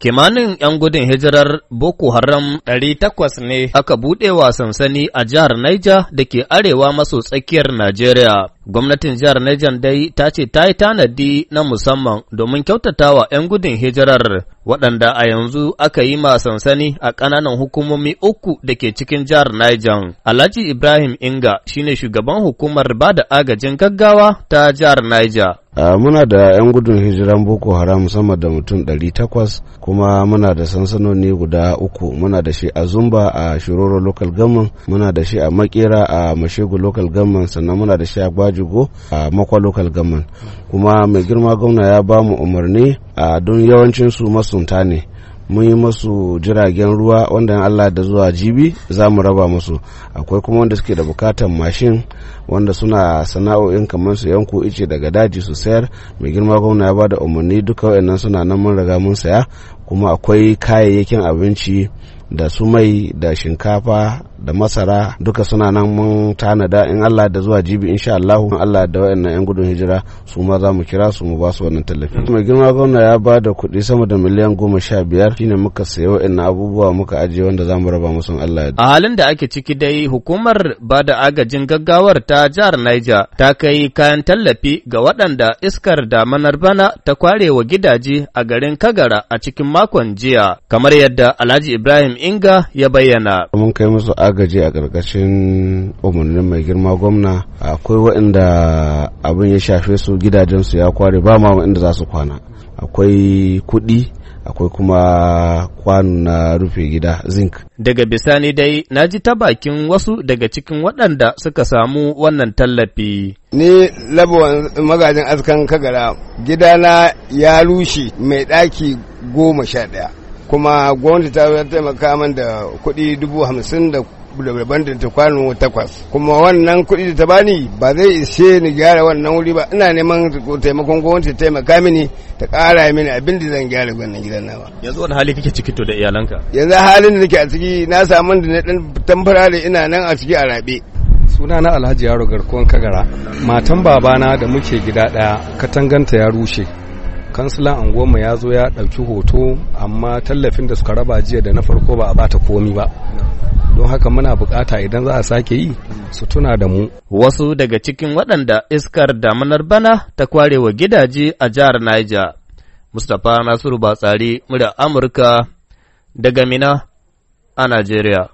Kimanin 'yan gudun hijirar Boko Haram ɗari takwas ne aka buɗe wa sansani a jihar Niger da ke arewa maso tsakiyar Najeriya. Gwamnatin jihar Niger dai ta ce ta yi tanadi na musamman domin kyautata wa 'yan gudun hijirar waɗanda a yanzu aka yi ma sansani a ƙananan hukumomi uku da ke cikin jihar Niger. Alhaji Ibrahim Inga shine shugaban hukumar ba da agajin gaggawa ta jihar Niger. Ah, muna da 'yan gudun hijiran boko haram musamman da mutum 800 kuma muna da sansanoni guda uku muna da shi a zumba a shiroro local government muna da shi a makera a mashegu local government sannan muna da shi a gwajigo a makwa local government kuma mai girma gwamna ya ba mu umarni a don yawancinsu masunta ne mun yi masu jiragen ruwa wanda allah da zuwa jibi za mu raba musu akwai kuma wanda suke da bukatan mashin wanda suna sana'o'in kamar su yanku ice daga daji su sayar mai girma gwamna ya bada umarni duka wa'annan suna nan mun riga mun saya kuma akwai kayayyakin abinci da su mai da shinkafa da masara duka suna nan mun tanada in Allah da zuwa jibi insha Allah Allah da wayannan yan gudun hijira su ma za mu kira su mu ba su wannan tallafi mai girma gwamna ya ba da kuɗi sama da miliyan goma sha biyar shine muka sayi wayannan abubuwa muka ajiye wanda za mu raba musu Allah a halin da ake ciki dai hukumar ba da agajin gaggawar ta jihar Niger ta kai kayan tallafi ga waɗanda iskar da manar bana ta kware wa gidaje a garin Kagara a cikin makon jiya kamar yadda Alhaji Ibrahim Inga ya bayyana mun kai musu agaji a ƙarƙashin umarnin mai girma gwamna akwai waɗanda abin ya shafe su gidajensu ya kware ba ma inda za su kwana akwai kuɗi akwai kuma kwanu na rufe gida zinc. Daga bisani dai na ji ta bakin wasu daga cikin waɗanda suka samu wannan tallafi. Ni labuwan magajin askan kagara gidana ya rushe mai ɗaki goma sha ɗaya. Kuma gwamnati ta taimaka min da kuɗi dubu hamsin da daban ta kwano takwas kuma wannan kuɗi da ta bani ba zai ishe ni gyara wannan wuri ba ina neman taimakon gwamnati taimaka mini ta ƙara mini abin da zan gyara wannan gidan nawa yanzu wani hali kake ciki to da iyalanka yanzu halin da nake a ciki na samu da na ɗan tamfara da ina nan a ciki a rabe suna na alhaji yaro garkuwan kagara matan babana da muke gida ɗaya katanganta ya rushe kansilan anguwanmu ya zo ya ɗauki hoto amma tallafin da suka raba jiya da na farko ba a bata komi ba don haka muna bukata idan za a sake yi su tuna da mu wasu daga cikin waɗanda iskar damanar bana ta kware wa gidaje a jihar Niger Mustapha Nasiru Batsari murya Amurka daga Mina a Najeriya